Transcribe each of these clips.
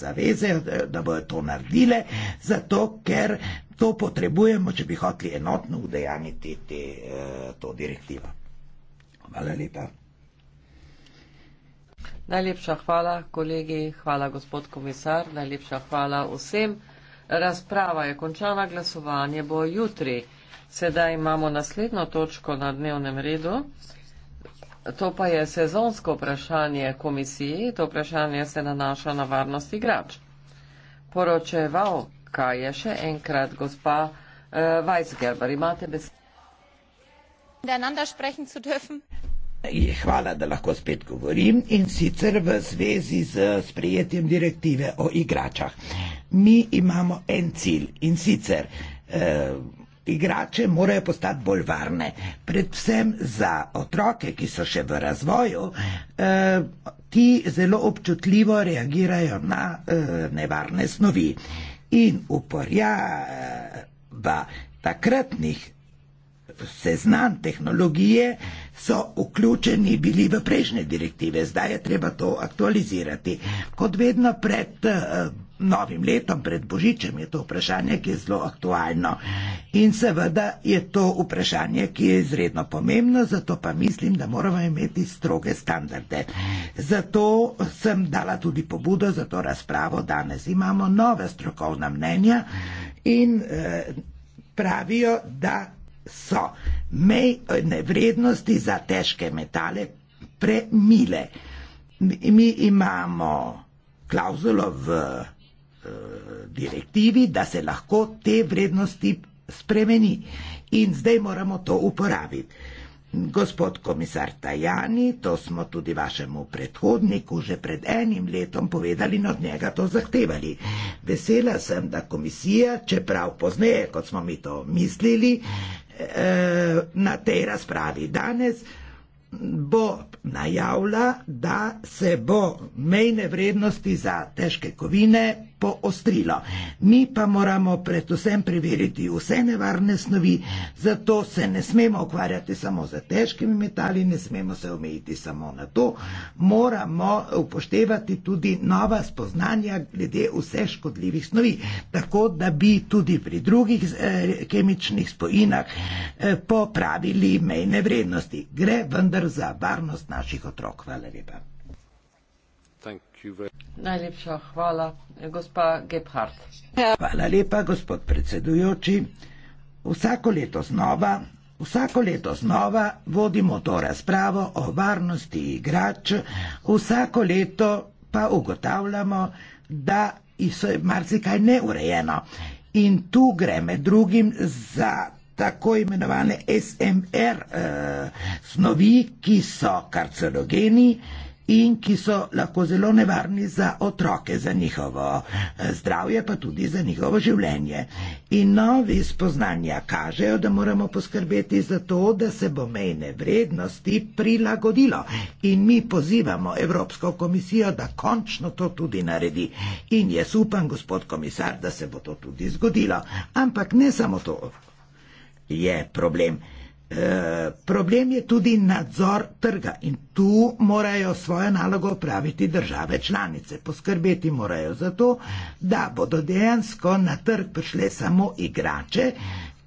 zaveze, da bodo to naredile, zato ker to potrebujemo, če bi hoteli enotno udejaniti te, eh, to direktivo. Hvala lepa. Najlepša hvala, kolegi, hvala, gospod komisar, najlepša hvala vsem. Razprava je končana, glasovanje bo jutri. Sedaj imamo naslednjo točko na dnevnem redu. To pa je sezonsko vprašanje komisiji, to vprašanje se nanaša na varnost igrač. Poročeval, kaj je še enkrat, gospa uh, Weisgerber, imate besedo. Hvala, da lahko spet govorim in sicer v zvezi z sprejetjem direktive o igračah. Mi imamo en cilj in sicer. Uh, Igrače morajo postati bolj varne, predvsem za otroke, ki so še v razvoju. E, ti zelo občutljivo reagirajo na e, nevarne snovi in uporaba takratnih seznam tehnologije so vključeni bili v prejšnje direktive, zdaj je treba to aktualizirati. Kot vedno pred. E, novim letom, pred Božičem, je to vprašanje, ki je zelo aktualno. In seveda je to vprašanje, ki je izredno pomembno, zato pa mislim, da moramo imeti stroge standarde. Zato sem dala tudi pobudo za to razpravo. Danes imamo nove strokovna mnenja in eh, pravijo, da so mejne vrednosti za težke metale premile. Mi imamo klauzulo v Eh, direktivi, da se lahko te vrednosti spremeni. In zdaj moramo to uporabiti. Gospod komisar Tajani, to smo tudi vašemu predhodniku že pred enim letom povedali in od njega to zahtevali. Vesela sem, da komisija, čeprav pozneje, kot smo mi to mislili, eh, na tej razpravi danes bo najavila, da se bo mejne vrednosti za težke kovine poostrilo. Mi pa moramo predvsem preveriti vse nevarne snovi, zato se ne smemo ukvarjati samo z težkimi metali, ne smemo se omejiti samo na to. Moramo upoštevati tudi nova spoznanja glede vse škodljivih snovi, tako da bi tudi pri drugih eh, kemičnih spojinah eh, popravili mejne vrednosti. Gre vendar za varnost naših otrok. Hvala lepa. Najlepša hvala, gospa Gebhardt. Hvala lepa, gospod predsedujoči. Vsako leto znova, vsako leto znova vodimo to razpravo o varnosti igrač, vsako leto pa ugotavljamo, da je marsikaj neurejeno. In tu gre med drugim za tako imenovane SMR eh, snovi, ki so karcinogeni in ki so lahko zelo nevarni za otroke, za njihovo eh, zdravje, pa tudi za njihovo življenje. In novi spoznanja kažejo, da moramo poskrbeti za to, da se bo mejne vrednosti prilagodilo. In mi pozivamo Evropsko komisijo, da končno to tudi naredi. In jaz upam, gospod komisar, da se bo to tudi zgodilo. Ampak ne samo to je problem. Eh, problem je tudi nadzor trga in tu morajo svojo nalogo opraviti države članice. Poskrbeti morajo za to, da bodo dejansko na trg prišle samo igrače,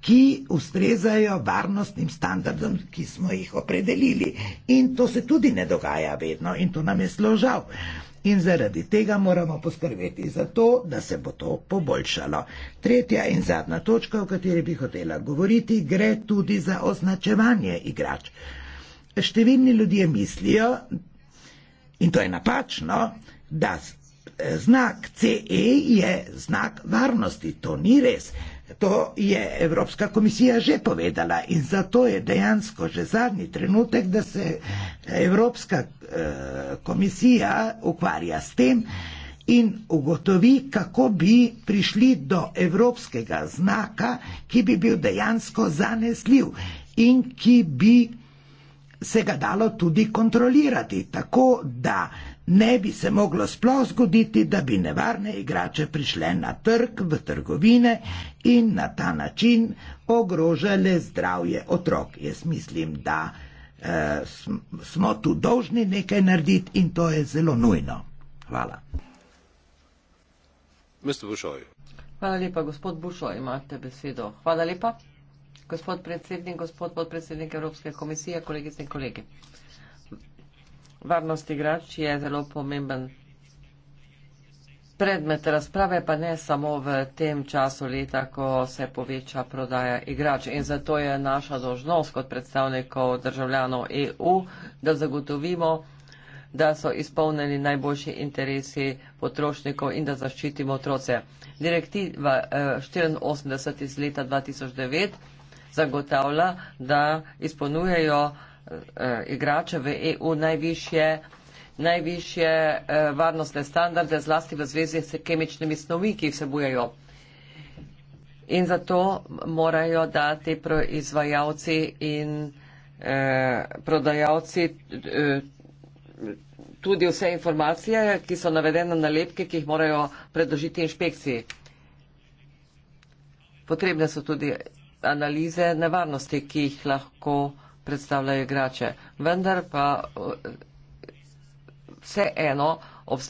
ki ustrezajo varnostnim standardom, ki smo jih opredelili. In to se tudi ne dogaja vedno in to nam je zelo žal in zaradi tega moramo poskrbeti za to, da se bo to poboljšalo. Tretja in zadnja točka, o kateri bi hotela govoriti, gre tudi za označevanje igrač. Številni ljudje mislijo, in to je napačno, da znak CE je znak varnosti. To ni res. To je Evropska komisija že povedala in zato je dejansko že zadnji trenutek, da se eh, Evropska eh, komisija ukvarja s tem in ugotovi, kako bi prišli do evropskega znaka, ki bi bil dejansko zanesljiv in ki bi se ga dalo tudi kontrolirati, tako da ne bi se moglo sploh zgoditi, da bi nevarne igrače prišle na trg v trgovine in na ta način ogrožale zdravje otrok. Jaz mislim, da eh, smo tu dolžni nekaj narediti in to je zelo nujno. Hvala. Hvala lepa, gospod Bušo, imate besedo. Hvala lepa, gospod predsednik, gospod podpredsednik Evropske komisije, kolegice in kolegi varnost igrač je zelo pomemben predmet razprave, pa ne samo v tem času leta, ko se poveča prodaja igrač. In zato je naša dožnost kot predstavnikov državljanov EU, da zagotovimo, da so izpolneni najboljši interesi potrošnikov in da zaščitimo otroce. Direktiva 84 eh, iz leta 2009 zagotavlja, da izpolnjujejo uh, igrače v EU najvišje, najvišje uh, varnostne standarde, zlasti v zvezi s kemičnimi snovi, ki vsebujejo. In zato morajo dati proizvajalci in eh, prodajalci eh, tudi vse informacije, ki so navedene na lepke, ki jih morajo predložiti inšpekciji. Potrebne so tudi analize nevarnosti, ki jih lahko eh, predstavljajo igrače. Vendar pa eh, vse eno ob,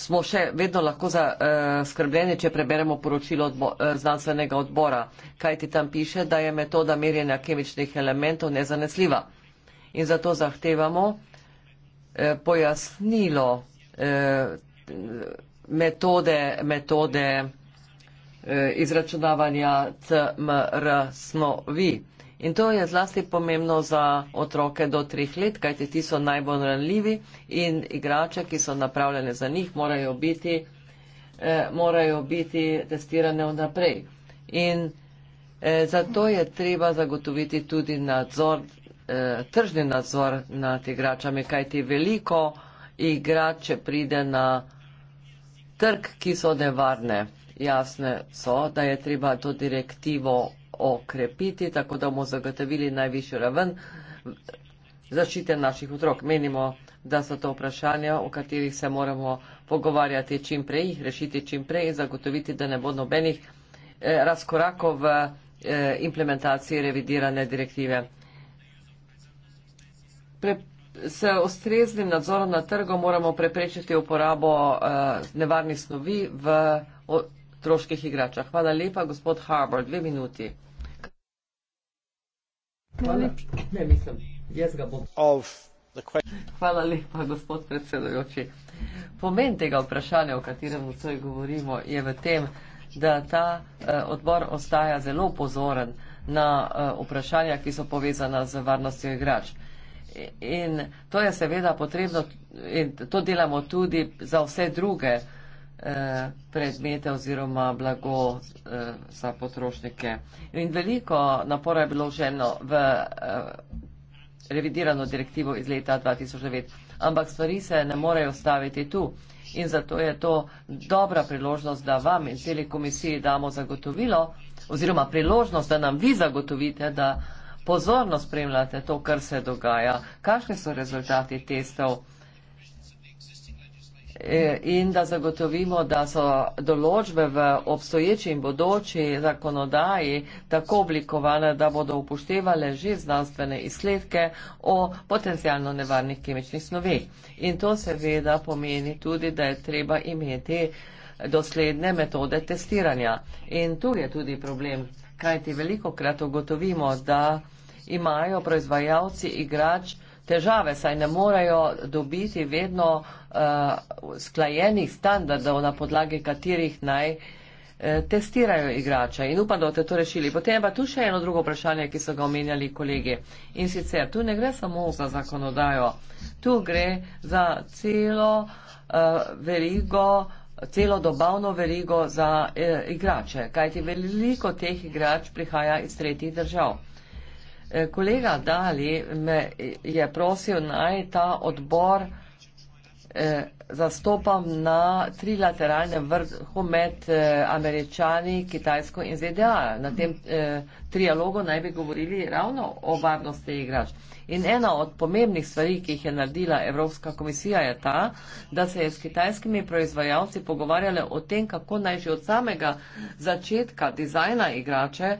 smo še vedno lahko za, uh, skrbljeni, če preberemo poročilo odbo, uh, znanstvenega odbora, kaj ti tam piše, da je metoda merjenja kemičnih elementov nezanesljiva. In zato zahtevamo uh, pojasnilo uh, metode, metode uh, izračunavanja CMR snovi. In to je zlasti pomembno za otroke do treh let, kajte ti so najbolj ranljivi in igrače, ki so napravljene za njih, morajo biti, eh, morajo biti testirane vnaprej. In eh, zato je treba zagotoviti tudi nadzor, eh, tržni nadzor nad igračami, kajte veliko igrače pride na trg, ki so nevarne. Jasne so, da je treba to direktivo okrepiti, tako da bomo zagotovili najvišjo raven zaščite naših otrok. Menimo, da so to vprašanja, o katerih se moramo pogovarjati čim prej, jih rešiti čim prej in zagotoviti, da ne bo nobenih eh, razkorakov v eh, implementaciji revidirane direktive. Pre, s ustreznim nadzorom na trgu moramo preprečiti uporabo eh, nevarnih snovi v otroških igračah. Hvala lepa, gospod Harbour. Dve minuti. Hvala lepa, gospod predsedojoči. Pomen tega vprašanja, o katerem vsoj govorimo, je v tem, da ta eh, odbor ostaja zelo pozoren na eh, vprašanja, ki so povezana z varnostjo igrač. In to je seveda potrebno in to delamo tudi za vse druge vprašanja predmete oziroma blago eh, za potrošnike. In veliko napora je bilo vženo v eh, revidirano direktivo iz leta 2009, ampak stvari se ne morejo staviti tu. In zato je to dobra priložnost, da vam in celi komisiji damo zagotovilo oziroma priložnost, da nam vi zagotovite, da pozorno spremljate to, kar se dogaja, kakšne so rezultati testov. Eh, in da zagotovimo, da so določbe v obstoječi in bodoči zakonodaji tako oblikovane, da bodo upoštevale že znanstvene izsledke o potencijalno nevarnih kemičnih snovi. In to seveda pomeni tudi, da je treba imeti dosledne metode testiranja. In tu je tudi problem, kajti veliko krat ugotovimo, da imajo proizvajalci igrač, težave, saj ne morejo dobiti vedno uh, eh, sklajenih standardov, na podlagi katerih naj eh, testirajo igrača in upam, da boste to rešili. Potem pa tu še eno drugo vprašanje, ki so ga omenjali kolegi. In sicer, tu ne gre samo za zakonodajo, tu gre za celo uh, verigo, celo dobavno verigo za uh, igrače, kajti veliko teh igrač prihaja iz tretjih držav. Eh, kolega Dali me je prosil naj ta odbor eh, zastopam na trilateralnem vrhu med eh, američani, Kitajsko in ZDA. Na tem eh, trialogu naj bi govorili ravno o varnosti igrač. In ena od pomembnih stvari, ki jih je naredila Evropska komisija, je ta, da se je s kitajskimi proizvajalci pogovarjale o tem, kako naj že od samega začetka dizajna igrače eh,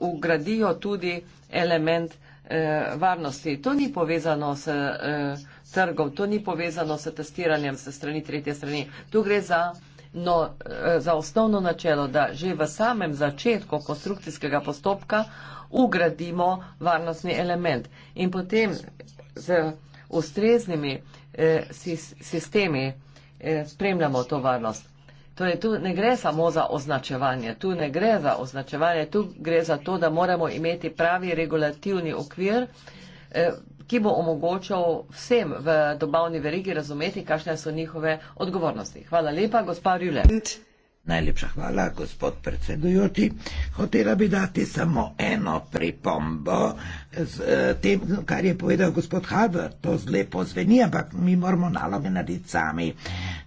ugradijo tudi element eh, varnosti. To ni povezano s. Eh, trgov. To ni povezano s testiranjem se strani tretje strani. Tu gre za, no, eh, za osnovno načelo, da že v samem začetku konstrukcijskega postopka ugradimo varnostni element in potem z ustreznimi eh, sistemi eh, spremljamo to varnost. Torej, tu ne gre samo za označevanje, tu ne gre za označevanje, tu gre za to, da moramo imeti pravi regulativni okvir, eh, ki bo omogočal vsem v dobavni verigi razumeti, kakšne so njihove odgovornosti. Hvala lepa, gospa Rjule. Najlepša hvala, gospod predsedujoči. Hotela bi dati samo eno pripombo, z eh, tem, kar je povedal gospod Halber, to zlepo zveni, ampak mi moramo naloge narediti sami.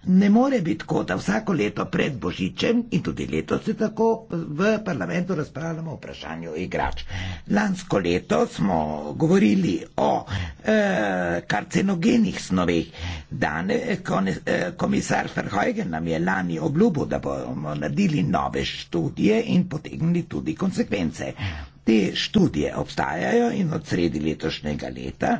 Ne more biti tako, da vsako leto pred Božičem in tudi leto se tako v parlamentu razpravljamo o vprašanju igrač. Lansko leto smo govorili o e, eh, karcenogenih snovih. Dane, kone, e, komisar Ferhojgen nam je lani obljubil, da bomo naredili nove študije in potegnili tudi konsekvence. Te študije obstajajo in od sredi letošnjega leta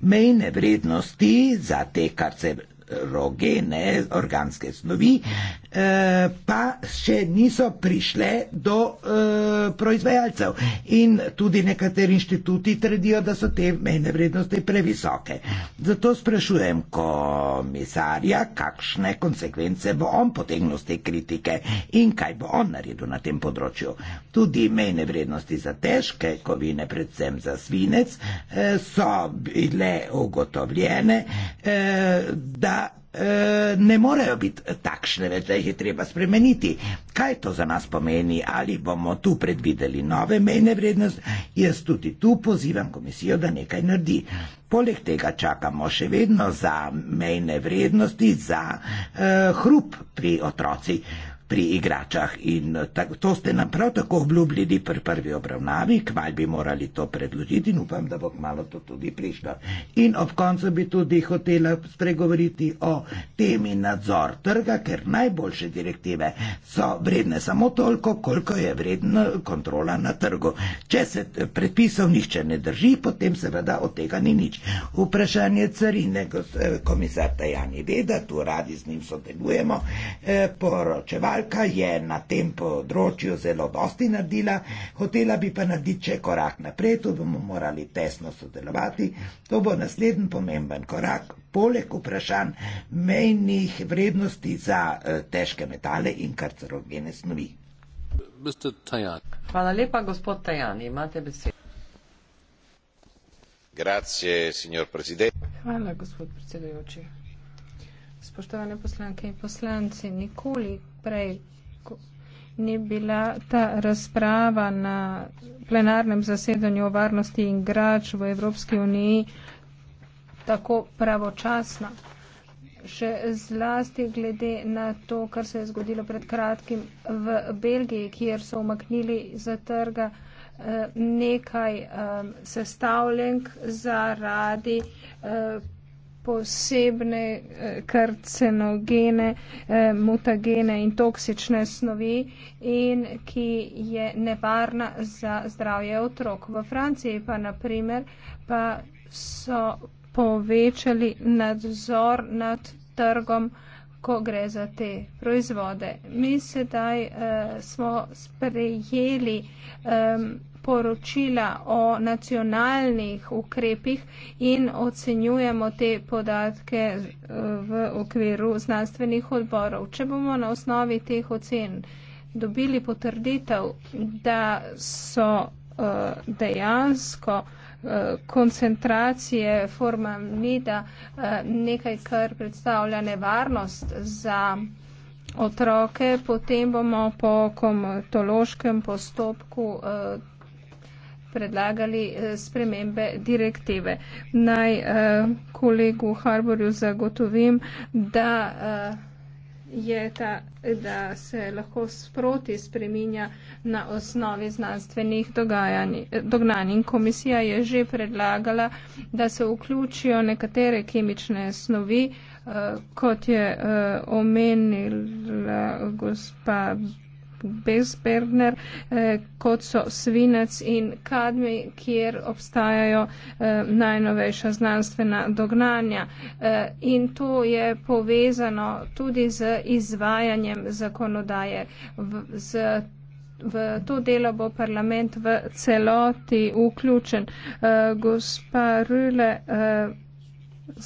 mejne vrednosti za te karcerogene organske snovi E, pa še niso prišle do e, proizvajalcev. In tudi nekateri inštituti trdijo, da so te mejne vrednosti previsoke. Zato sprašujem komisarja, kakšne konsekvence bo on potegnil z te kritike in kaj bo on naredil na tem področju. Tudi mejne vrednosti za težke kovine, predvsem za svinec, e, so bile ugotovljene, da Eh, ne morejo biti takšne, več, da jih je treba spremeniti. Kaj to za nas pomeni, ali bomo tu predvideli nove mejne vrednosti? Jaz tudi tu pozivam komisijo, da nekaj naredi. Poleg tega čakamo še vedno za mejne vrednosti, za eh, hrup pri otrocih pri igračah. In eh, to ste nam prav tako obljubljali pri prvi obravnavi, kmalo bi morali to predložiti in upam, da bo kmalo to tudi prišlo. In ob koncu bi tudi hotela spregovoriti o temi nadzor trga, ker najboljše direktive so vredne samo toliko, koliko je vredna kontrola na trgu. Če se eh, predpisov nihče ne drži, potem seveda od tega ni nič. Vprašanje carine, eh, komisar Tajani Veda, tu radi z njim sodelujemo, poročevali. Italka je na tem področju zelo dosti naredila, hotela bi pa narediti še korak naprej, tu bomo morali tesno sodelovati. To bo nasleden pomemben korak, poleg vprašanj mejnih vrednosti za eh, težke metale in karcerogene snovi. Hvala lepa, gospod Tajani. Imate besedo. Grazie, signor Presidente. Hvala, gospod predsedujoči spoštovane poslanke in poslanci, nikoli prej ni bila ta razprava na plenarnem zasedanju o varnosti in grač v Evropski uniji tako pravočasna. Še zlasti glede na to, kar se je zgodilo pred kratkim v Belgiji, kjer so umaknili za trga eh, nekaj um, sestavljenk zaradi um, posebne eh, karcenogene, eh, mutagene in toksične snovi in ki je nevarna za zdravje otrok. V Franciji pa naprimer pa so povečali nadzor nad trgom, ko gre za te proizvode. Mi sedaj uh, smo sprejeli um, poročila o nacionalnih ukrepih in ocenjujemo te podatke eh, v okviru znanstvenih odborov. Če bomo na osnovi teh ocen dobili potrditev, da so eh, dejansko eh, koncentracije formamida nekaj, kar predstavlja nevarnost za otroke, potem bomo po komatološkem postopku predlagali eh, spremembe direktive. Naj eh, kolegu Harborju zagotovim, da eh, je ta, da se lahko sproti spreminja na osnovi znanstvenih dognanj. In komisija je že predlagala, da se vključijo nekatere kemične snovi, kot je omenila gospa Besberner, eh, kot so svinec in kadmi, kjer obstajajo eh, najnovejša znanstvena dognanja. Eh, in to je povezano tudi z izvajanjem zakonodaje. Z V to delo bo parlament v celoti vključen. Uh, gospa Rüle, uh,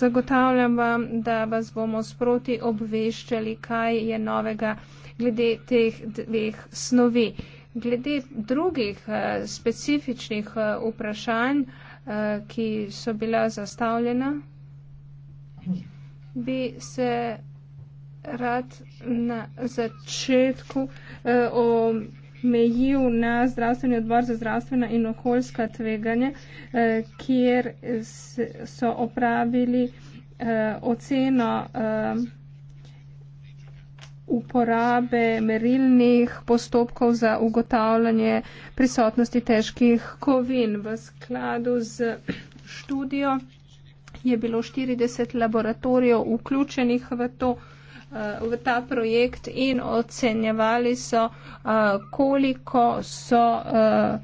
zagotavljam vam, da vas bomo sproti obveščali, kaj je novega uh, glede teh dveh snovi. Glede drugih uh, specifičnih uh, vprašanj, uh, ki so bila zastavljena, bi se rad na začetku uh, omejil na zdravstveni odbor za zdravstvena in okoljska tveganja, uh, kjer so opravili uh, oceno. Uh, uporabe merilnih postopkov za ugotavljanje prisotnosti težkih kovin. V skladu z študijo je bilo 40 laboratorijev vključenih v to eh, v ta projekt in ocenjevali so, eh, koliko so eh,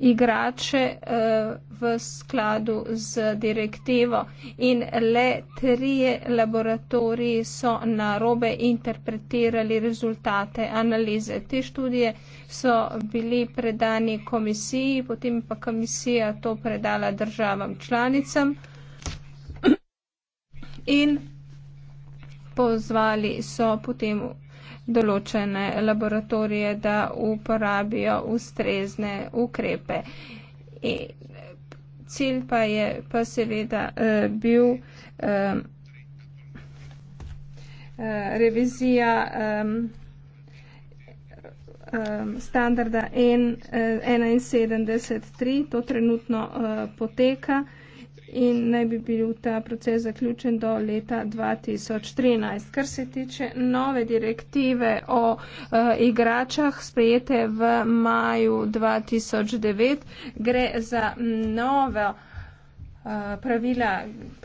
igrače eh, v skladu z direktivo in le trije laboratoriji so narobe interpretirali rezultate analize. Te študije so bili predani komisiji, potem pa komisija to predala državam članicam in pozvali so potem določene laboratorije, da uporabijo ustrezne ukrepe. E, cilj pa je pa seveda eh, bil eh, revizija eh, eh, standarda N, eh, 71.3, to trenutno eh, poteka. Eh, in naj bi bil ta proces zaključen do leta 2013. Kar se tiče nove direktive o uh, igračah, sprejete v maju 2009, gre za novo. Eh, pravila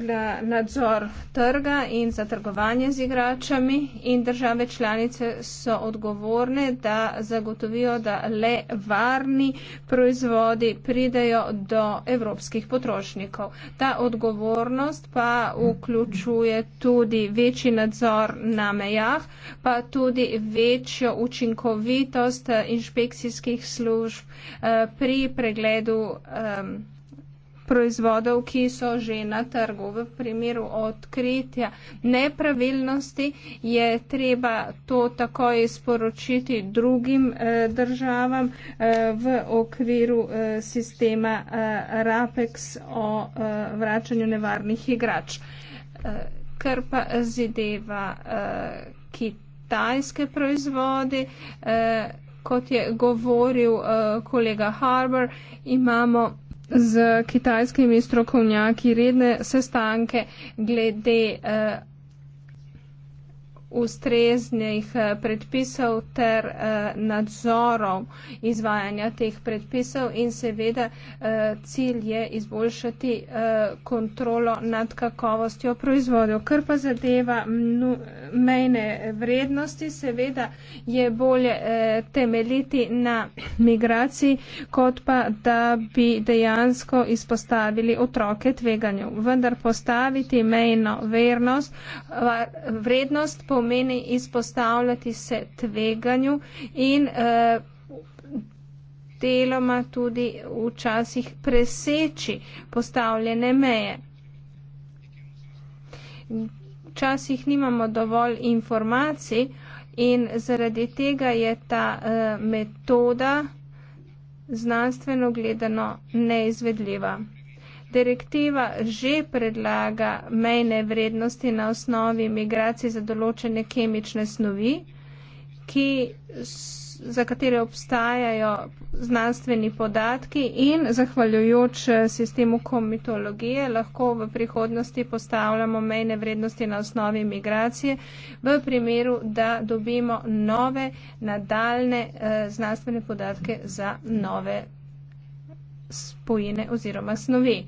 na nadzor trga in za trgovanje z igračami in države članice so odgovorne, da zagotovijo, da le varni proizvodi pridejo do evropskih potrošnikov. Ta odgovornost pa vključuje tudi večji nadzor na mejah, pa tudi večjo učinkovitost inšpekcijskih služb eh, pri pregledu um, proizvodov, ki so že na trgu. V primeru odkritja nepravilnosti je treba to takoj sporočiti drugim eh, državam eh, v okviru eh, sistema eh, RAPEX o eh, vračanju nevarnih igrač. Eh, kar pa zideva eh, kitajske proizvode. Eh, Kot je govoril uh, kolega Harbour, imamo z kitajskimi strokovnjaki redne sestanke glede uh, ustreznih eh, predpisov ter eh, nadzorov izvajanja teh predpisov in seveda eh, cilj je izboljšati kontrolo nad kakovostjo proizvodov. Kar pa zadeva mejne vrednosti, seveda je bolje temeljiti na migraciji, kot pa da bi dejansko izpostavili otroke tveganju. Vendar postaviti mejno vrednost pomeni, pomeni izpostavljati se tveganju in eh, deloma tudi včasih preseči postavljene meje. Včasih nimamo dovolj informacij in zaradi tega je ta eh, metoda znanstveno gledano neizvedljiva direktiva že predlaga mejne vrednosti na osnovi migracij za določene kemične snovi, ki, za katere obstajajo znanstveni podatki in zahvaljujoč eh, sistemu komitologije lahko v prihodnosti postavljamo mejne vrednosti na osnovi migracije v primeru, da dobimo nove nadaljne eh, znanstvene podatke za nove spojine oziroma snovi.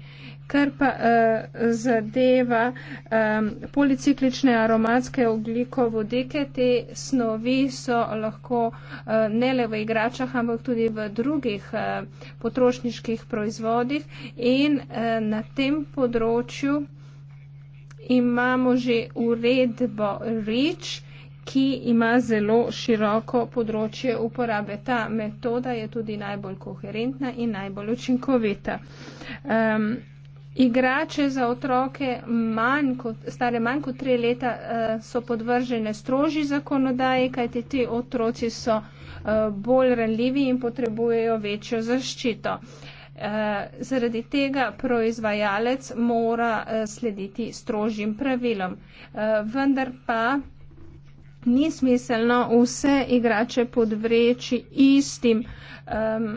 Kar pa uh, zadeva um, policiklične aromatske oglikovodike, te snovi so lahko uh, ne le v igračah, ampak tudi v drugih uh, potrošniških proizvodih in uh, na tem področju imamo že uredbo REACH, ki ima zelo široko področje uporabe. Ta metoda je tudi najbolj koherentna in najbolj učinkovita. Um, igrače za otroke manj kot, stare manj kot tri leta uh, so podvržene stroži zakonodaji, kajti ti otroci so uh, bolj ranljivi in potrebujejo večjo zaščito. Eh, zaradi tega proizvajalec mora slediti strožjim pravilom. Vendar pa ni smiselno vse igrače podvreči istim um,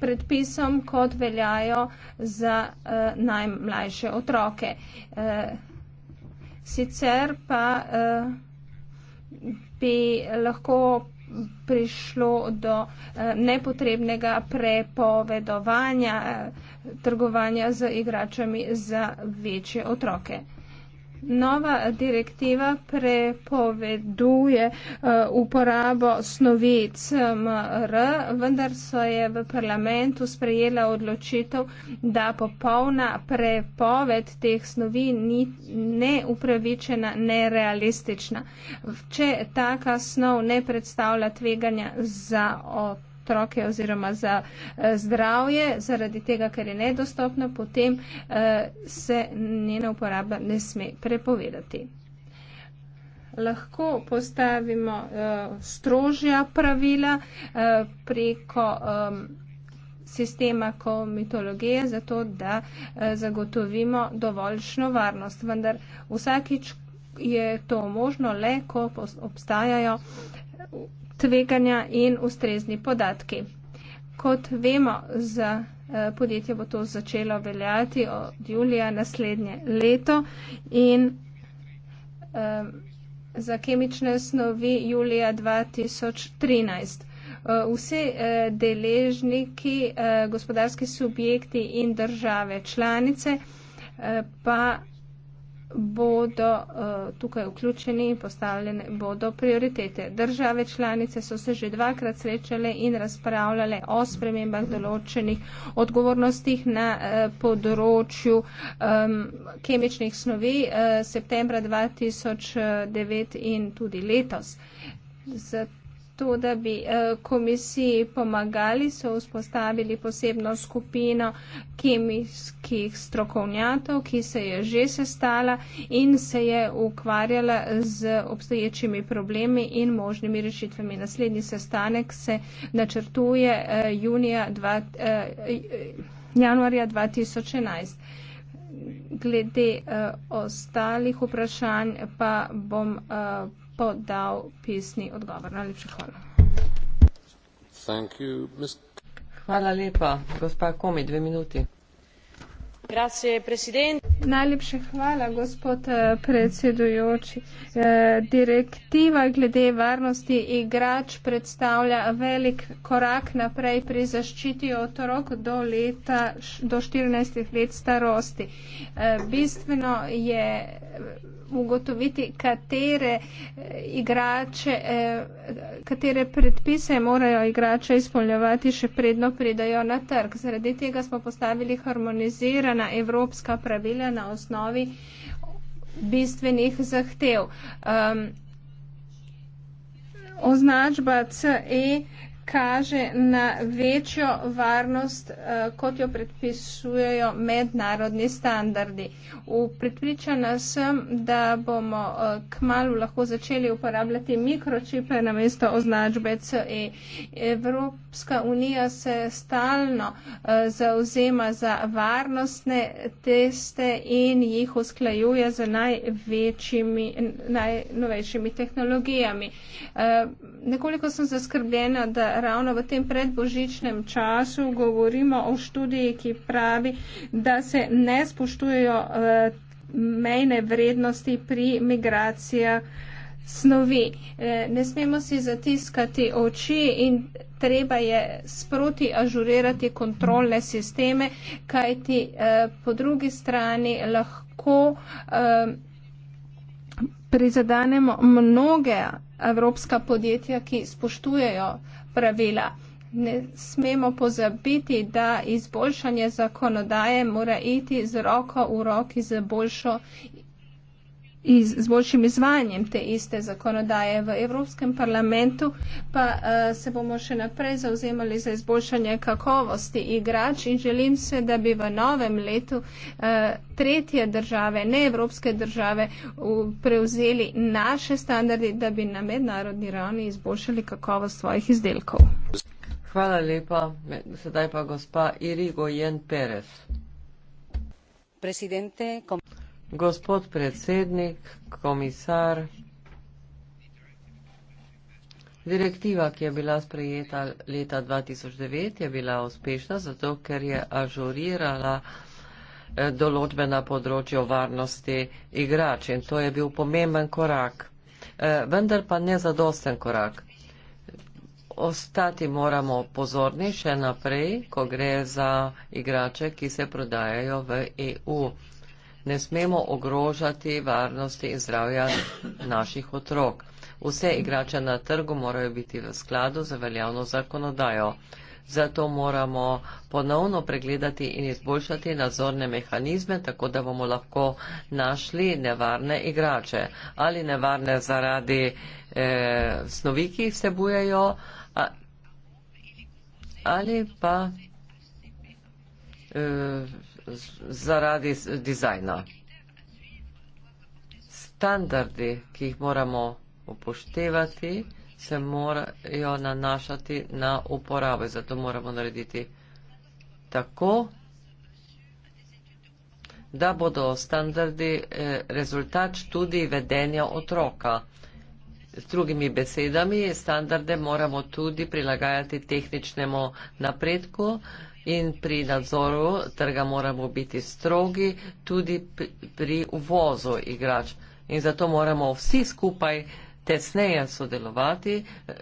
predpisom, kot veljajo za uh, najmlajše otroke. Uh, sicer pa uh, bi lahko prišlo do uh, nepotrebnega prepovedovanja uh, trgovanja z igračami za večje otroke nova direktiva prepoveduje eh, uporabo snovi CMR, vendar so je v parlamentu sprejela odločitev, da popolna prepoved teh snovi ni neupravičena, nerealistična. Če taka snov ne predstavlja tveganja za otroke, otroke oziroma za eh, zdravje, zaradi tega, ker je nedostopna, potem eh, se njena uporaba ne sme prepovedati. Lahko postavimo eh, strožja pravila preko sistema komitologije, zato da zagotovimo dovoljšno varnost. Vendar vsakič je to možno le, ko obstajajo tveganja in ustrezni podatki. Kot vemo, za eh, podjetje bo to začelo veljati od julija naslednje leto in eh, za kemične snovi julija 2013. Eh, vsi deležniki, gospodarski subjekti in države članice pa bodo uh, tukaj vključeni in postavljene bodo prioritete. Države članice so se že dvakrat srečale in razpravljale o spremembah določenih odgovornostih na uh, področju um, kemičnih snovi uh, septembra 2009 in tudi letos. Zato to, da bi eh, komisiji pomagali, so vzpostavili posebno skupino kemijskih strokovnjatov, ki se je že sestala in se je ukvarjala z obstoječimi problemi in možnimi rešitvami. Naslednji sestanek se načrtuje eh, junija, dva, eh, januarja 2011. Glede uh, ostalih vprašanj pa bom uh, podal pisni odgovor. Najlepša hvala. Hvala lepa, gospa Komi, dve minuti. Najlepša hvala, gospod eh, predsedujoči. Eh, direktiva glede varnosti igrač predstavlja velik korak naprej pri zaščiti otrok do, leta, do 14 let starosti. Eh, bistveno je ugotoviti, katere, igrače, katere predpise morajo igrače izpolnjevati še predno pridajo na trg. Zaradi tega smo postavili harmonizirane definirana evropska pravila na osnovi bistvenih zahtev. Um, označba CE uh, kaže na večjo varnost, eh, kot jo predpisujejo mednarodni standardi. Pripričana sem, da bomo eh, kmalo lahko začeli uporabljati mikročipe na mesto označbe CE. Evropska unija se stalno eh, zauzema za varnostne teste in jih usklajuje z največjimi, najnovejšimi tehnologijami. Nekoliko sem zaskrbljena, da ravno v tem predbožičnem času govorimo o študiji, ki pravi, da se ne spoštujejo eh, mejne vrednosti pri migracijah. Snovi. Eh, ne smemo si zatiskati oči in treba je sproti ažurirati kontrolne sisteme, kajti eh, po drugi strani lahko prizadenemo mnoge evropska podjetja, ki spoštujejo pravila. Ne smemo pozabiti, da izboljšanje zakonodaje mora iti z roko v roki z boljšo iz, z boljšim izvajanjem te iste zakonodaje v Evropskem parlamentu, pa uh, se bomo še naprej zauzemali za izboljšanje kakovosti igrač in želim se, da bi v novem letu uh, tretje države, ne Evropske države, v, prevzeli naše standardi, da bi na mednarodni ravni izboljšali kakovost svojih izdelkov. Hvala lepa. Sedaj pa gospa Irigo Jen Perez. Gospod predsednik, komisar, direktiva, ki je bila sprejeta leta 2009, je bila uspešna, zato ker je ažurirala eh, določbe na področju varnosti igrač in to je bil pomemben korak, eh, vendar pa ne zadosten korak. Ostati moramo pozorni še naprej, ko gre za igrače, ki se prodajajo v EU ne smemo ogrožati varnosti in zdravja naših otrok. Vse igrače na trgu morajo biti v skladu za veljavno zakonodajo. Zato moramo ponovno pregledati in izboljšati nadzorne mehanizme, tako da bomo lahko našli nevarne igrače ali nevarne zaradi eh, snovi, ki jih vsebujejo ali pa eh, zaradi dizajna. Standardi, ki jih moramo upoštevati, se morajo nanašati na uporabo. Zato moramo narediti tako, da bodo standardi eh, rezultat tudi vedenja otroka. S drugimi besedami, standarde moramo tudi prilagajati tehničnemu napredku, in pri nadzoru trga moramo biti strogi tudi pri uvozu igrač. In zato moramo vsi skupaj tesneje sodelovati. Eh,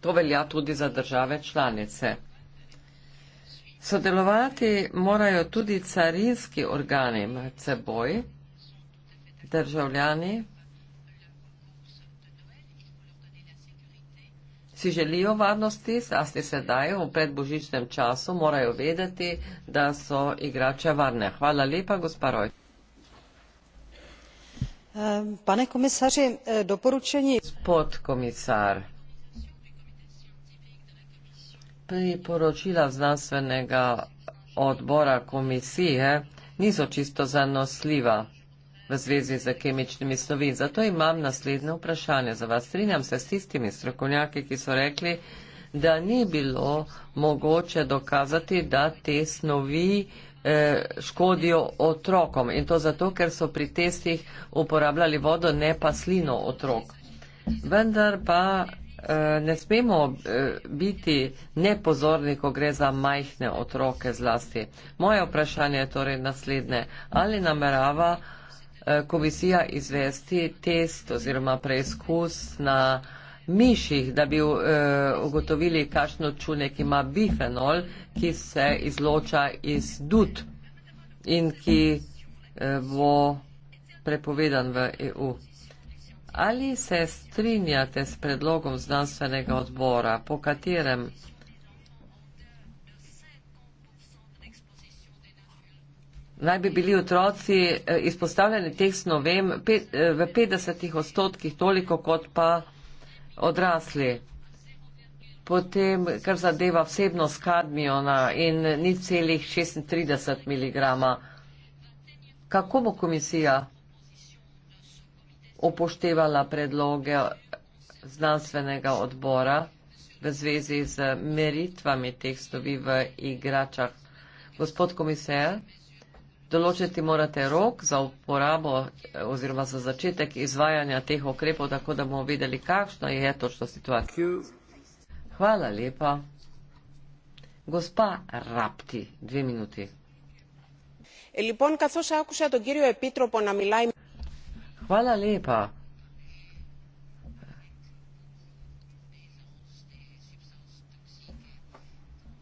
to velja tudi za države članice. Sodelovati morajo tudi carinski organi med seboj, državljani, si želijo varnosti, a ste sedaj v predbožičnem času, morajo vedeti, da so igrače varne. Hvala lepa, gospa Roj. Pane komisaři, e, doporučení. Gospod komisar, priporočila znanstvenega odbora komisije niso čisto zanosljiva v zvezi z kemičnimi snovi. Zato imam naslednje vprašanje za vas. Strinjam se s tistimi strokovnjaki, ki so rekli, da ni bilo mogoče dokazati, da te snovi eh, škodijo otrokom in to zato, ker so pri testih uporabljali vodo, ne pa slino otrok. Vendar pa eh, ne smemo eh, biti nepozorni, ko gre za majhne otroke zlasti. Moje vprašanje je torej naslednje. Ali namerava komisija izvesti test oziroma preizkus na miših, da bi eh, ugotovili, kakšen učinek ima bifenol, ki se izloča iz dud in ki eh, bo prepovedan v EU. Ali se strinjate s predlogom znanstvenega odbora, po katerem naj bi bili otroci eh, izpostavljeni teh snovem eh, v 50 odstotkih toliko kot pa odrasli. Potem, kar zadeva vsebnost kadmiona in ni celih 36 mg. Kako bo komisija upoštevala predloge znanstvenega odbora v zvezi z meritvami teh snovi v igračah? Gospod komisar, Določiti morate rok za uporabo eh, oziroma za začetek izvajanja teh okrepov, tako da bomo videli, kakšna je točno situacija. Hvala lepa. Gospa Rapti, dve minuti. Eh, Hvala lepa.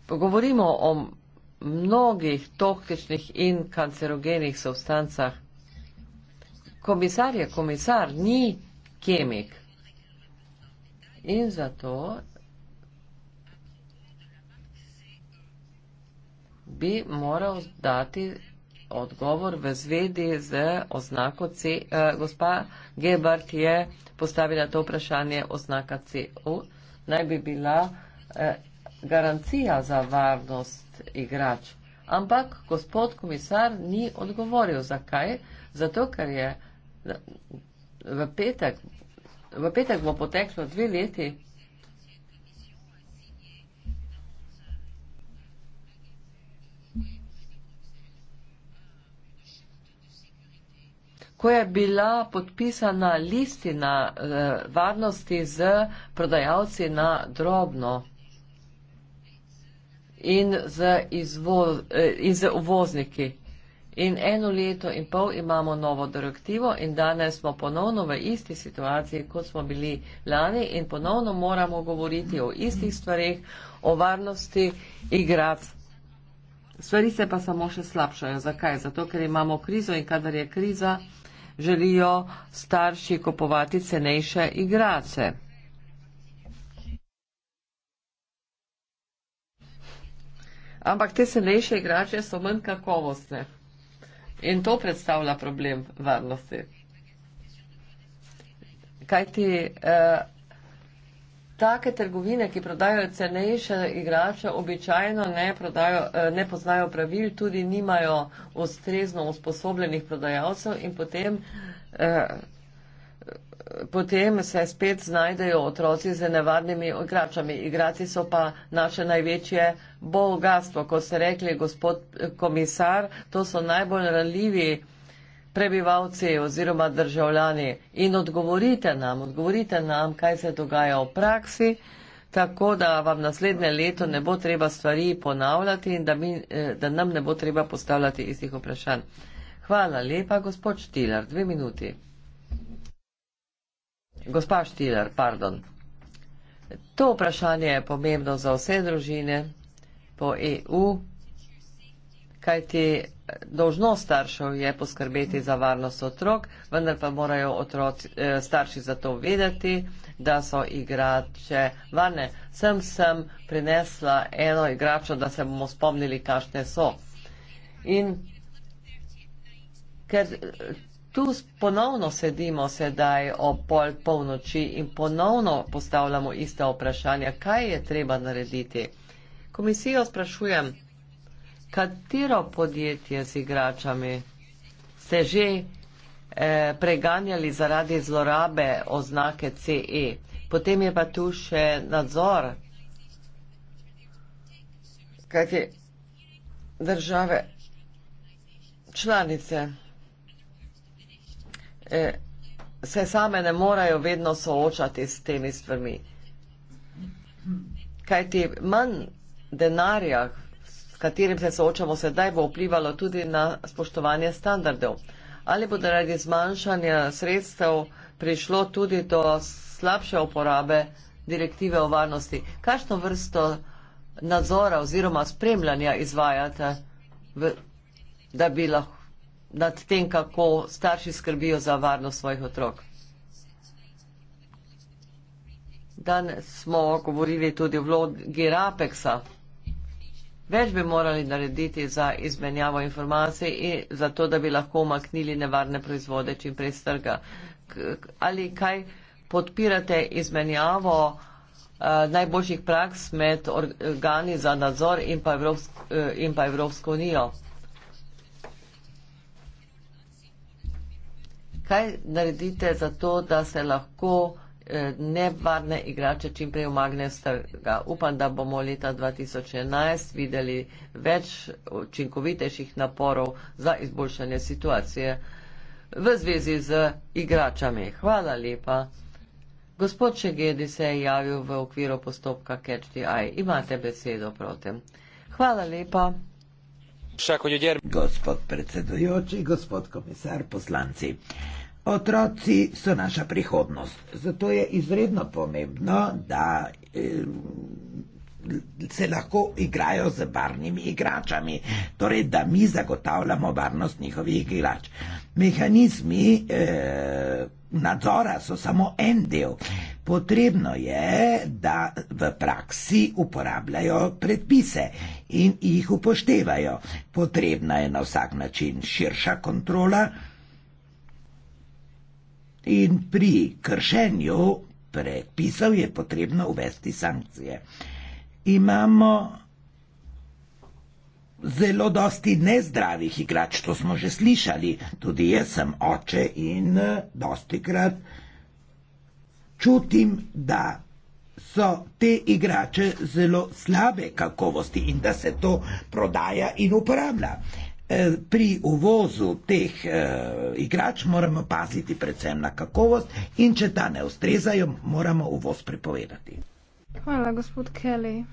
Pogovorimo o mnogih toksičnih in kancerogenih substancah. Komisar je komisar, ni kemik. In zato bi moral dati odgovor v zvedi z oznako C. Eh, gospa Gebert je postavila to vprašanje oznaka CU. Naj bi bila eh, garancija za varnost igrač. Ampak gospod komisar ni odgovoril, zakaj? Zato, ker je v petek, v petek bo poteklo dve leti. Ko je bila podpisana listina eh, varnosti z prodajalci na drobno in z, izvoz, eh, in z uvozniki. In eno leto in pol imamo novo direktivo in danes smo ponovno v isti situaciji, kot smo bili lani in ponovno moramo govoriti o istih stvarih, o varnosti igrat. Stvari se pa samo še slabšajo. Zakaj? Zato, ker imamo krizo in kadar je kriza, želijo starši kupovati cenejše igrace. ampak te senejše igrače so manj kakovostne. In to predstavlja problem varnosti. Kaj ti eh, take trgovine, ki prodajo cenejše igrače, običajno ne, prodajo, eh, ne poznajo pravil, tudi nimajo ustrezno usposobljenih prodajalcev in potem eh, potem se spet znajdejo otroci z nevarnimi igračami. Igrači so pa naše največje bogatstvo, kot ste rekli, gospod eh, komisar, to so najbolj ranljivi prebivalci oziroma državljani. In odgovorite nam, odgovorite nam, kaj se dogaja v praksi, tako da vam naslednje leto ne bo treba stvari ponavljati in da, mi, eh, da nam ne bo treba postavljati istih vprašanj. Hvala lepa, gospod Štilar. Dve minuti. Gospa Štiler, pardon. To vprašanje je pomembno za vse družine po EU, kajti dožnost staršev je poskrbeti za varnost otrok, vendar pa morajo otroci, eh, starši za to vedeti, da so igrače varne. Sem sem prinesla eno igračo, da se bomo spomnili, kakšne so. In ker tu ponovno sedimo sedaj ob pol polnoči in ponovno postavljamo ista vprašanja, kaj je treba narediti. Komisijo sprašujem, katero podjetje z igračami ste že eh, preganjali zaradi zlorabe oznake CE. Potem je pa tu še nadzor. Kajti države članice eh, se same ne morejo vedno soočati s temi stvarmi. Kaj ti manj denarja, s katerim se soočamo sedaj, bo vplivalo tudi na spoštovanje standardov. Ali bo zaradi zmanjšanja sredstev prišlo tudi do slabše uporabe direktive o varnosti? Kakšno vrsto nadzora oziroma spremljanja izvajate, v, da bi lahko nad tem, kako starši skrbijo za varnost svojih otrok. Danes smo govorili tudi o vlogi Rapexa. Več bi morali narediti za izmenjavo informacij in za to, da bi lahko umaknili nevarne proizvode čim prej z trga. Ali kaj podpirate izmenjavo eh, najboljših praks med organi za nadzor in pa Evropsko, eh, in pa Evropsko unijo? Kaj naredite za to, da se lahko eh, nevarne igrače čim prej umagne z trga? Upam, da bomo leta 2011 videli več učinkovitejših naporov za izboljšanje situacije v zvezi z igračami. Hvala lepa. Gospod Šegedi se je javil v okviru postopka Catch the Eye. Imate besedo, prosim. Hvala lepa. Gospod predsedujoči, gospod komisar, poslanci. Otroci so naša prihodnost, zato je izredno pomembno, da eh, se lahko igrajo z varnimi igračami, torej da mi zagotavljamo varnost njihovih igrač. Mehanizmi eh, nadzora so samo en del. Potrebno je, da v praksi uporabljajo predpise in jih upoštevajo. Potrebna je na vsak način širša kontrola in pri kršenju predpisov je potrebno uvesti sankcije. Imamo zelo dosti nezdravih igrač, to smo že slišali, tudi jaz sem oče in eh, dosti krat čutim, da so te igrače zelo slabe kakovosti in da se to prodaja in uporablja. Eh, pri uvozu teh uh, igrač moramo paziti predvsem na kakovost in če ta ne ustrezajo, moramo uvoz prepovedati. Hvala, gospod Kelly.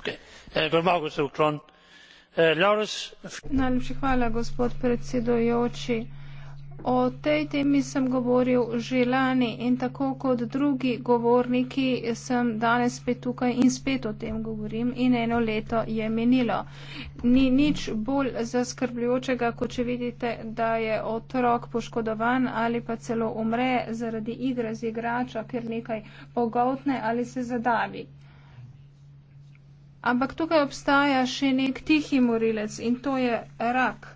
Okay. Eh, eh, Najlepša hvala, gospod predsedojoči. O tej temi sem govoril že lani in tako kot drugi govorniki sem danes spet tukaj in spet o tem govorim in eno leto je minilo. Ni nič bolj zaskrbljujočega, kot če vidite, da je otrok poškodovan ali pa celo umre zaradi igre z igrača, ker nekaj pogotne ali se zadavi. Ampak tukaj obstaja še nek tihi morilec in to je rak.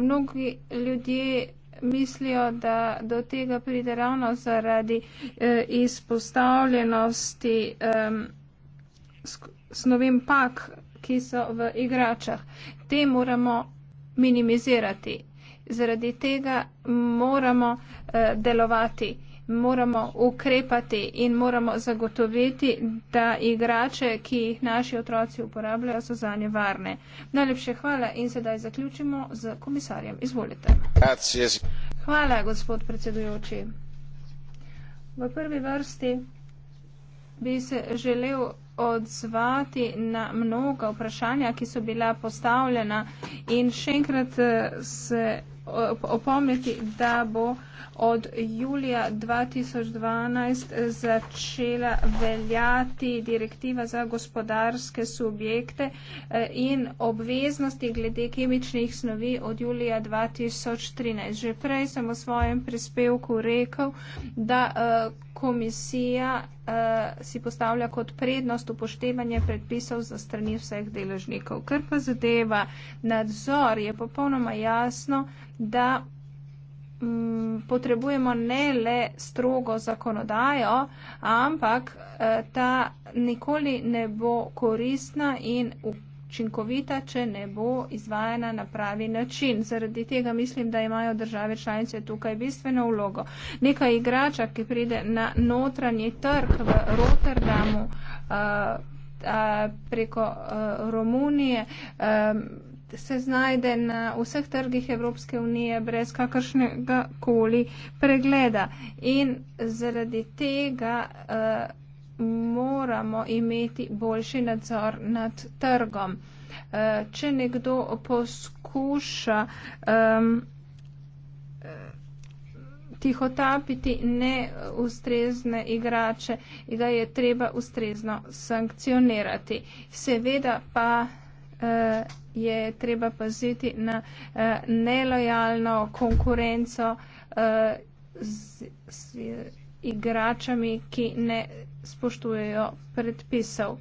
Mnogi ljudje mislijo, da do tega pride ravno zaradi eh, izpostavljenosti eh, snovim pak, ki so v igračah. Te moramo minimizirati. Zaradi tega moramo eh, delovati. Eh, moramo ukrepati in moramo zagotoviti, da igrače, ki jih naši otroci uporabljajo, so za nje varne. Najlepše hvala in sedaj zaključimo z komisarjem. Izvolite. Hvala, gospod predsedujoči. V prvi vrsti bi se želel odzvati na mnoga vprašanja, ki so bila postavljena in še enkrat eh, se opomniti, da bo od julija 2012 začela veljati direktiva za gospodarske subjekte eh, in obveznosti glede kemičnih snovi od julija 2013. Že prej sem v svojem prispevku rekel, da eh, komisija uh, si postavlja kot prednost upoštevanje predpisov za strani vseh deležnikov. Ker pa zadeva nadzor, je popolnoma jasno, da um, potrebujemo ne le strogo zakonodajo, ampak uh, ta nikoli ne bo koristna in upoštevna učinkovita, če ne bo izvajana na pravi način. Zaradi tega mislim, da imajo države članice tukaj bistveno vlogo. Neka igrača, ki pride na notranji trg v Rotterdamu a, eh, a, eh, preko a, eh, Romunije, a, se znajde na vseh trgih Evropske unije brez kakršnega koli pregleda. In zaradi tega. A, moramo imeti boljši nadzor nad trgom. Eh, če nekdo poskuša um, tihotapiti neustrezne igrače, ga je treba ustrezno sankcionirati. Seveda pa uh, je treba paziti na uh, nelojalno konkurenco uh, z, z igračami, ki ne spoštujejo predpisov.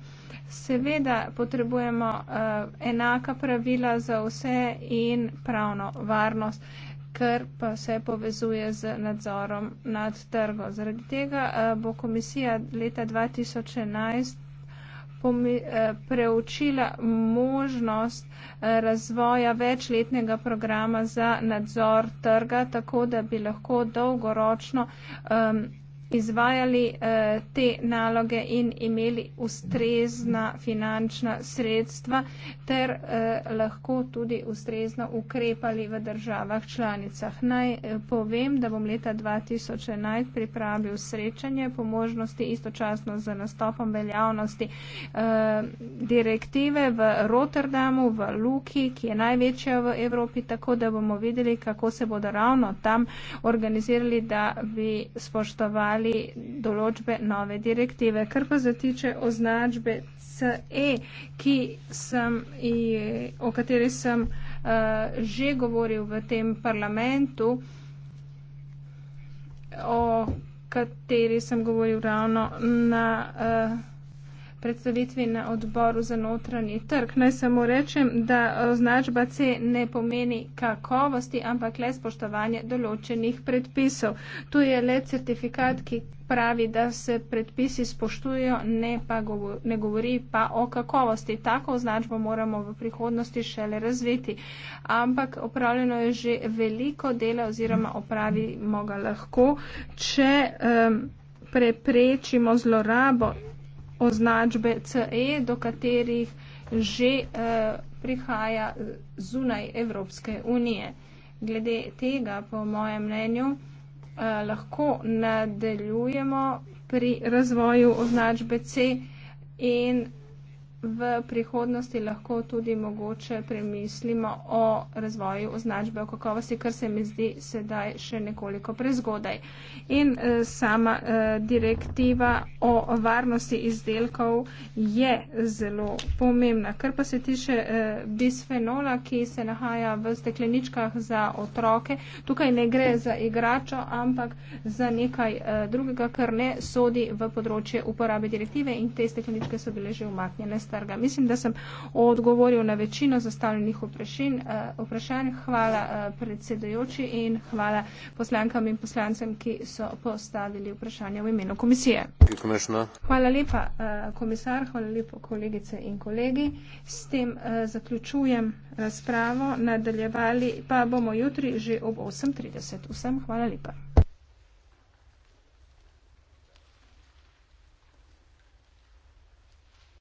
Seveda potrebujemo uh, enaka pravila za vse in pravno varnost, kar pa se povezuje z nadzorom nad trgo. Zaradi tega uh, bo komisija leta 2011 pomi, uh, preučila možnost uh, razvoja večletnega programa za nadzor trga, tako da bi lahko dolgoročno um, izvajali eh, te naloge in imeli ustrezna finančna sredstva ter eh, lahko tudi ustrezno ukrepali v državah članicah. Naj eh, povem, da bom leta 2011 pripravil srečanje po možnosti istočasno z nastopom veljavnosti eh, direktive v Rotterdamu, v Luki, ki je največja v Evropi, tako da bomo videli, kako se bodo ravno tam organizirali, da bi spoštovali ali določbe nove direktive. Kar pa zatiče označbe CE, ki sem, o kateri sem eh, že govoril v tem parlamentu, o kateri sem govoril ravno na. Eh, predstavitvi na odboru za notranji trg. Naj samo rečem, da označba C ne pomeni kakovosti, ampak le spoštovanje določenih predpisov. Tu je le certifikat, ki pravi, da se predpisi spoštujejo, ne pa govori, ne govori pa o kakovosti. Tako označbo moramo v prihodnosti šele razviti. Ampak opravljeno je že veliko dela oziroma opravimo ga lahko, če um, preprečimo zlorabo označbe CE, do katerih že eh, prihaja zunaj Evropske unije. Glede tega, po mojem mnenju, eh, lahko nadaljujemo pri razvoju označbe CE in v prihodnosti lahko tudi mogoče premislimo o razvoju označbe o kakovosti, kar se mi zdi sedaj še nekoliko prezgodaj. In eh, sama eh, direktiva o varnosti izdelkov je zelo pomembna. Kar pa se tiče eh, bisfenola, ki se nahaja v stekleničkah za otroke, tukaj ne gre za igračo, ampak za nekaj drugega, kar ne sodi v področje uporabe direktive in te stekleničke so bile že umaknjene trga. Mislim, da sem odgovoril na večino zastavljenih eh, vprašanj. Hvala eh, predsedojoči in hvala poslankam in poslancem, ki so postavili vprašanje v imenu komisije. Hvala lepa, eh, komisar, hvala lepa, kolegice in kolegi. S tem zaključujem razpravo. Nadaljevali pa bomo jutri že ob 8.30. Vsem hvala lepa.